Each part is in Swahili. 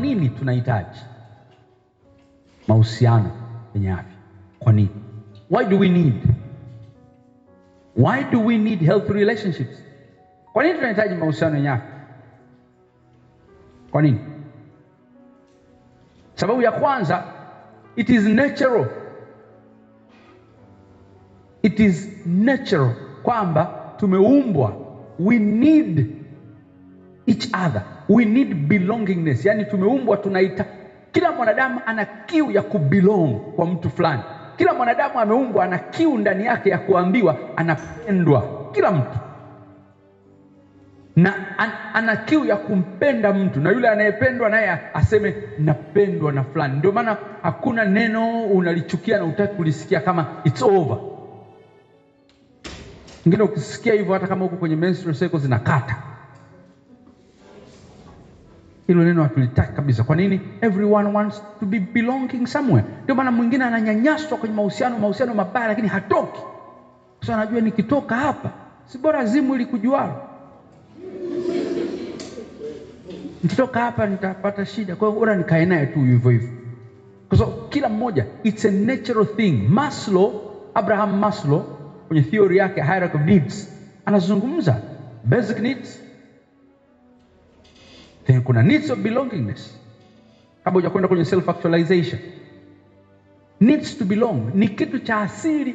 nini tunahitaji mahusiano yenye afya? Kwa nini? Why do we need? Why do we need healthy relationships? Kwa nini tunahitaji mahusiano yenye afya? Kwa nini? Sababu ya kwanza, it is natural. It is natural kwamba tumeumbwa, we need each other, we need belongingness. Yani tumeumbwa tunaita, kila mwanadamu ana kiu ya kubelong kwa mtu fulani. Kila mwanadamu ameumbwa ana kiu ndani yake ya kuambiwa anapendwa, kila mtu na an, ana kiu ya kumpenda mtu, na yule anayependwa naye aseme napendwa na fulani. Ndio maana hakuna neno unalichukia na utaki kulisikia kama it's over. Ngine ukisikia hivyo, hata kama huko kwenye menstrual cycle zinakata hilo neno hatulitaki kabisa kwa nini everyone wants to be belonging somewhere ndio maana mwingine ananyanyaswa kwenye mahusiano mahusiano mabaya lakini hatoki kwa so, anajua nikitoka hapa si bora zimu ili kujualo nikitoka hapa nitapata shida kwa hiyo bora nikae naye tu hivyo hivyo kwa sababu kila mmoja it's a natural thing Maslow Abraham Maslow kwenye theory yake hierarchy of needs anazungumza basic needs Then eh, kuna needs of belongingness, kabla hujakwenda kwenye self actualization. Needs to belong ni kitu cha asili.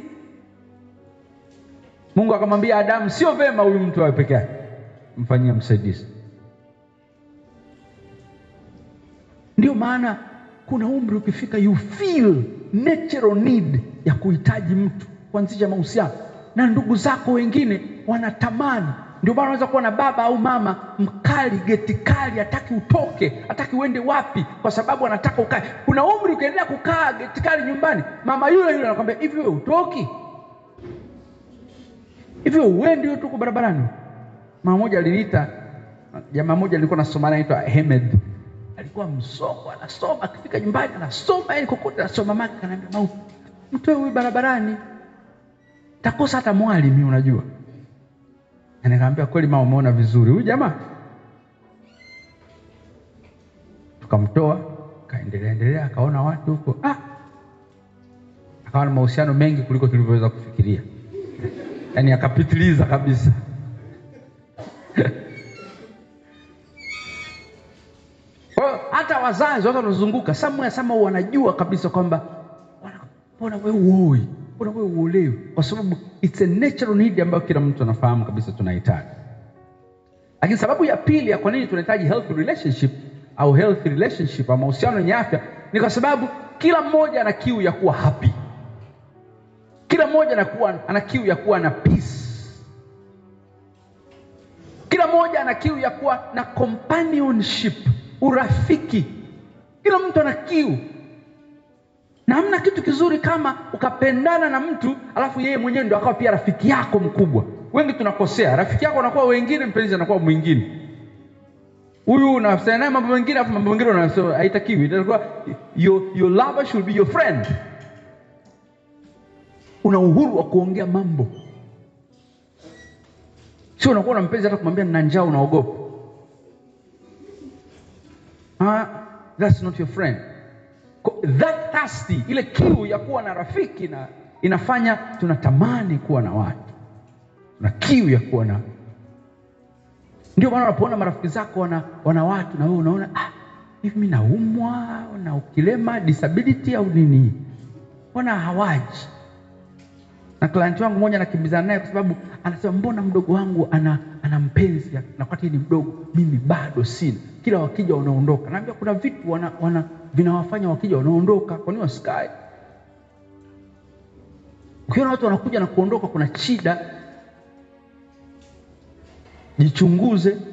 Mungu akamwambia Adamu, sio vema huyu mtu awe peke yake, mfanyia msaidizi. Ndio maana kuna umri ukifika, you feel natural need ya kuhitaji mtu kuanzisha mahusiano na ndugu zako, wengine wanatamani ndio maana unaweza kuwa na baba au mama mkali, geti kali, hataki utoke, hataki uende wapi, kwa sababu anataka ukae. Kuna umri ukiendelea kukaa geti kali nyumbani, mama yule yule anakwambia hivi, wewe utoki hivi, uende wewe, tuko barabarani. Mama moja aliniita, jamaa moja alikuwa anasoma, anaitwa Ahmed, alikuwa msongo, anasoma, akifika nyumbani anasoma, yani kokote anasoma, mama akaniambia, mtoe huyu barabarani, takosa hata mwalimu, unajua na nikaambia kweli mama, umeona vizuri huyu jamaa. Tukamtoa kaendelea endelea, akaona watu huko, ah, akawa na mahusiano mengi kuliko tulivyoweza kufikiria, yaani akapitiliza kabisa kwa hata wazazi watu wanazunguka somewhere, sama wanajua kabisa kwamba mbona wewe uoi unawe uolewe, kwa sababu it's a natural need ambayo kila mtu anafahamu kabisa tunahitaji. Lakini sababu ya pili ya kwa nini tunahitaji healthy relationship au healthy relationship au mahusiano yenye afya ni kwa sababu kila mmoja ana kiu ya kuwa happy, kila mmoja anakuwa ana kiu ya kuwa na peace, kila mmoja ana kiu ya kuwa na companionship, urafiki. Kila mtu ana kiu na hamna kitu kizuri kama ukapendana na mtu alafu yeye mwenyewe ndo akawa pia rafiki yako mkubwa. Wengi tunakosea, rafiki yako anakuwa wengine, mpenzi anakuwa mwingine, huyu unafanya naye mambo mengine, alafu mambo mengine unasema haitakiwi. Inakuwa your, your lover should be your friend. Una uhuru wa kuongea mambo, sio unakuwa na mpenzi hata kumwambia nina njaa unaogopa. Ah, that's not your friend that thirsty, ile kiu ya kuwa na rafiki na inafanya tunatamani kuwa na watu, na kiu ya kuwa na. Ndio maana unapoona marafiki zako wana, wana watu na wewe unaona ah, hivi mimi naumwa na ukilema disability au nini, mbona hawaji? Na client wangu mmoja anakimbizana naye kwa sababu anasema mbona mdogo wangu ana, ana mpenzi na kwati ni mdogo, mimi bado sina, kila wakija wanaondoka. Naambia kuna vitu wana, wana vinawafanya wakija wanaondoka. Kwa nini wasikae? Ukiona watu wanakuja na kuondoka, kuna shida. Jichunguze.